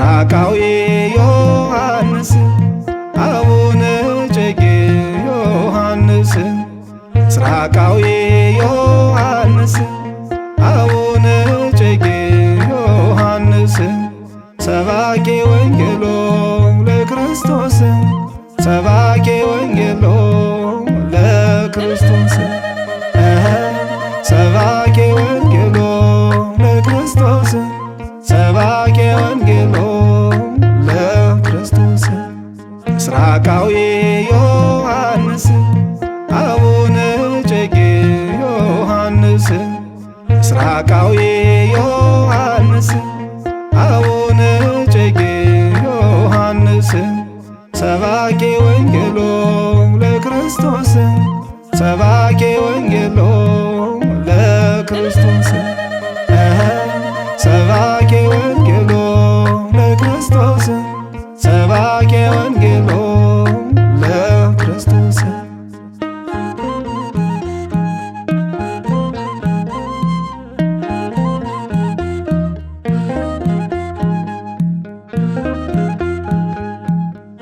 ምስራቃዊ ዮሐንስ አቡነ እጨጌ ዮሐንስ ምስራቃዊ ሰባኬ ወንጌሎ ለክርስቶስ ሰባኬ ወንጌሎ ለክርስቶስ ወንጌሎ ለክርስቶስ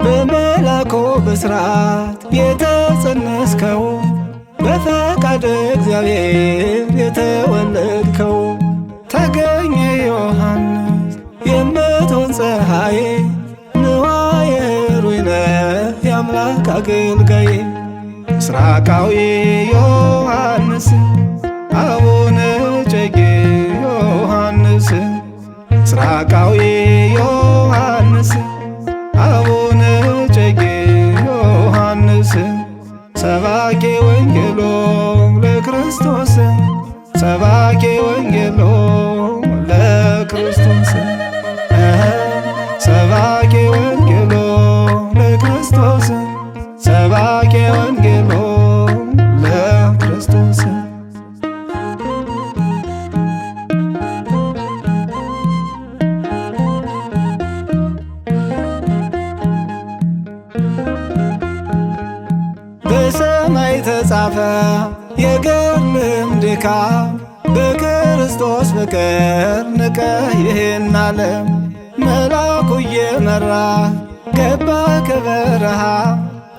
በመላኮ ብስራት የተጸነስከው በፈቃደ እግዚአብሔር የተወለድከው ተገኘ ዮሐንስ የምትሆን ፀሐይ ንዋየ ሩይነ የአምላክ አገልጋይ ምስራቃዊ ዮሐንስ አቡነ እጨጌ ዮሐንስ ምስራቃዊ ጸባ መራ ገባ ከበረሃ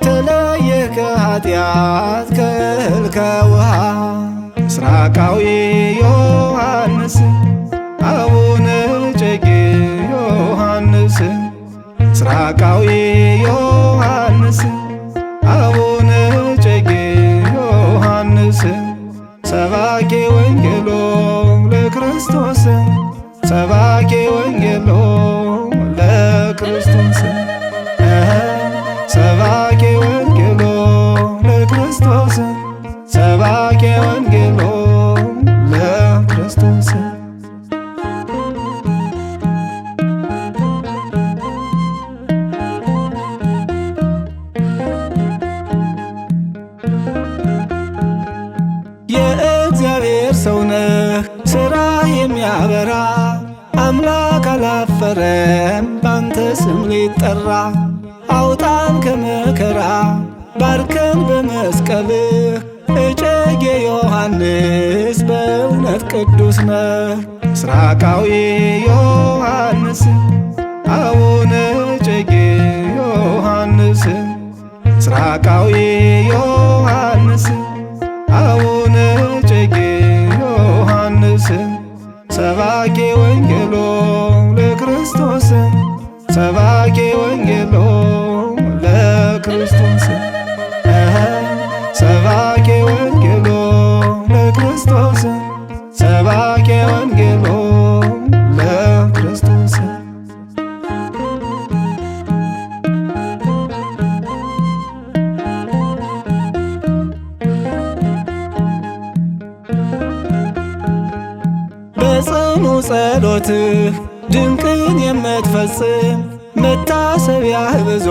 ተለየህ ከኃጢአት ከእህል ከውሃ ምስራቃዊ ዮሐንስ አቡነ እጨጌ ዮሐንስ ምስራቃዊ ዮሐንስ አቡነ እጨጌ ዮሐንስ ሰባኬ ወንጌሎ ለክርስቶስ ሰባኬ ወንጌሎ ሰው ነህ ሥራ የሚያበራ አምላክ አላፈረም ባንተ ስም ሊጠራ አውጣን ከመከራ ባርከን በመስቀልህ እጨጌ ዮሐንስ በእውነት ቅዱስ ነህ ምስራቃዊ ዮሐንስ አቡነ እጨጌ ዮሐንስ ምስራቃዊ ሰባኬ ወንጌሎ ለክርስቶስ ሰባኬ ወንጌሎ ለክርስቶስ ሰባኬ ወንጌሎ ለክርስቶስ በጽኑ ጸሎትህ ድንቅን የምትፈጽም ተክዞ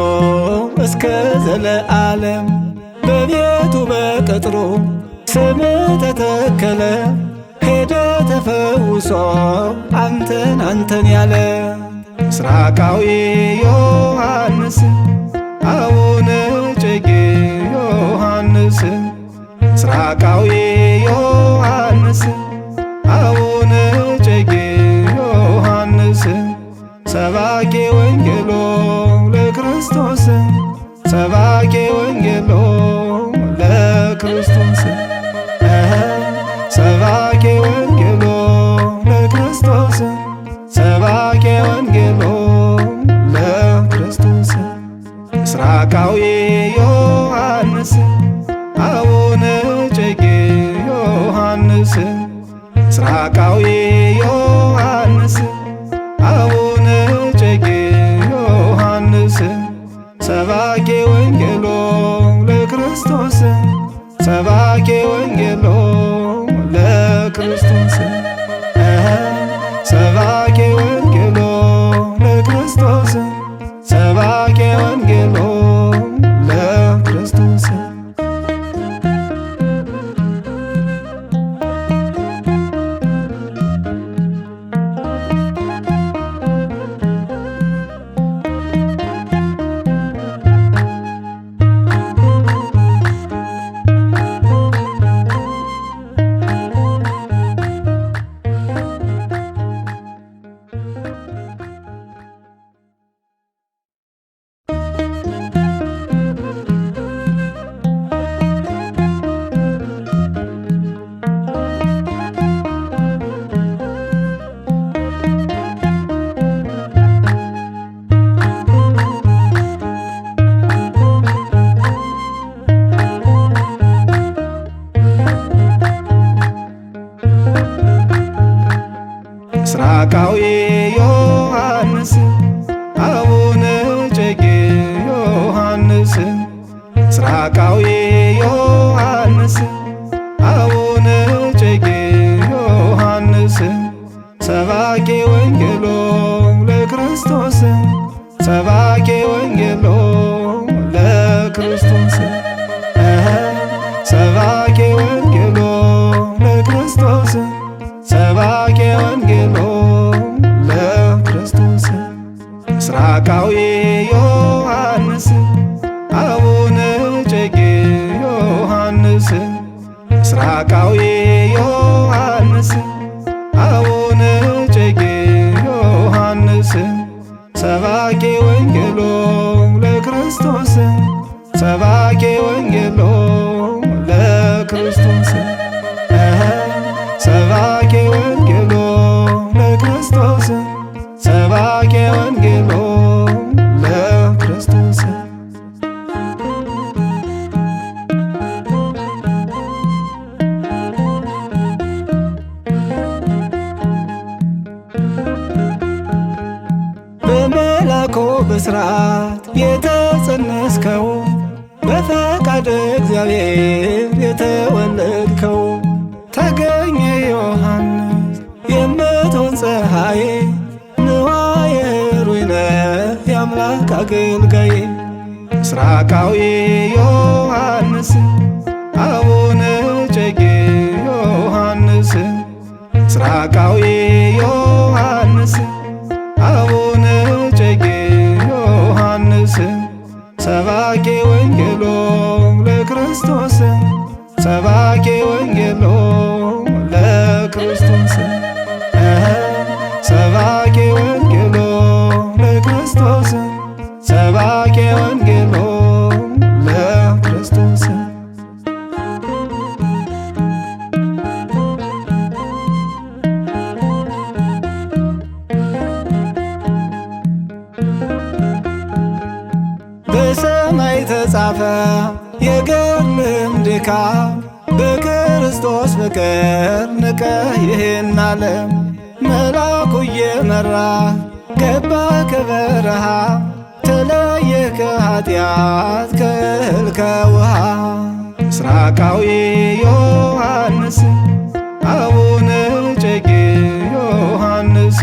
እስከ ዘለዓለም በቤቱ በቅጥሩ ስም ተተከለ ሄደ ተፈውሶ አንተን አንተን ያለ ምስራቃዊ ዮሐንስ አቡነ እጨጌ ዮሐንስ ምስራቃዊ ዮሐንስ አቡነ እጨጌ ዮሐንስ ሰባኬ ወንጌሎ አቃዊ ዮሐንስ አቡነ እጨጌ ዮሐንስ ምስራቃዊ ዮሐንስ አቡነ እጨጌ ዮሐንስ ሰባኬ ወንጌሎ ለክርስቶስ ሰባኬ ወንጌሎ ለክርስቶስ ምስራቃዊ ዮሐንስ አቡነ እጨጌ ዮሐንስ ምስራቃዊ ዮሐንስ አቡነ እጨጌ ዮሐንስ ሰባኬ ወንጌሎ ለክርስቶስ ሰባኬ ወንጌሎ ለክርስቶስ ሰባኬ ወንጌሎ ለክርስቶስ ቃዊ ዮሐንስ አቡነ እጨጌ ዮሐንስ ምስራቃዊ ባርኮ በስርዓት የተጸነስከው በፈቃደ እግዚአብሔር የተወለድከው ተገኘ ዮሐንስ የምትሆን ፀሐይ ንዋየ ሩይነ የአምላክ አገልጋይ ምስራቃዊ ዮሐንስ አቡነ ተመራ ገባ ከበረሃ ተለየ ከኃጢአት ከእህል ከውሃ ምስራቃዊ ዮሐንስ አቡነ እጨጌ ዮሐንስ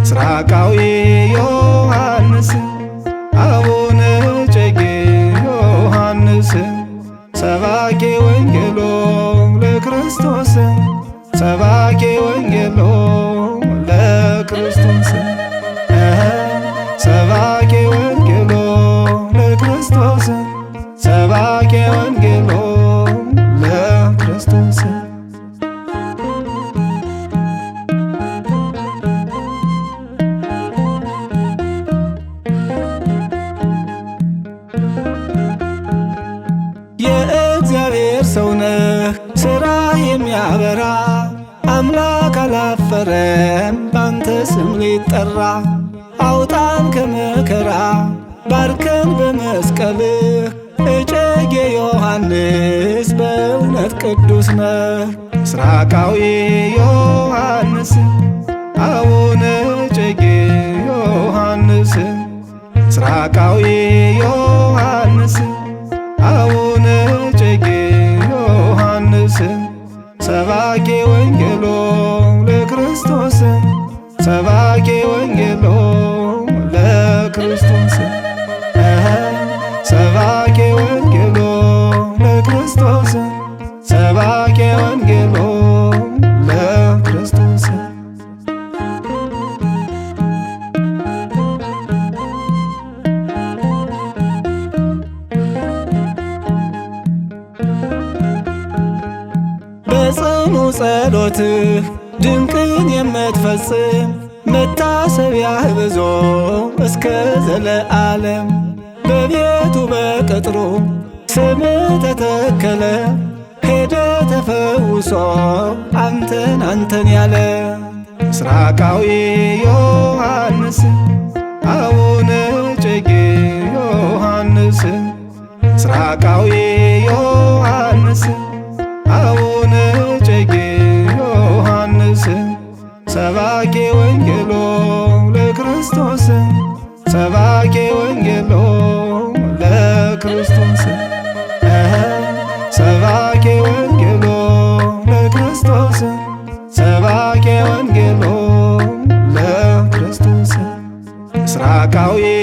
ምስራቃዊ ዮሐንስ አቡነ እጨጌ ዮሐንስ ሰባኬ ወንጌሎ ለክርስቶስ ሰባኬ ወንጌሎ የእግዚአብሔር ሰው ነህ ሥራ የሚያበራ አምላክ አላፈረም ባንተ ስም ሊጠራ አውጣን ከመከራ ባርከን በመስቀልህ እጨጌ ዮሐንስ በእውነት ቅዱስ ነህ ምስራቃዊ ዮሐንስ አቡነ ጸሎት ድንቅን የምትፈጽም መታሰቢያ ብዞ እስከ ዘለዓለም በቤቱ በቅጥሩ ስም ተተከለ ሄደ ተፈውሶ አንተን አንተን ያለ ምስራቃዊ ዮሐንስ አቡነ እጨጌ ዮሐንስ ምስራቃዊ ዮሐንስ ሰባኬ ወንጌሎ ለክርስቶስ ለክርስቶስ ለክርስቶስ ለክርስቶስ ምስራቃዊ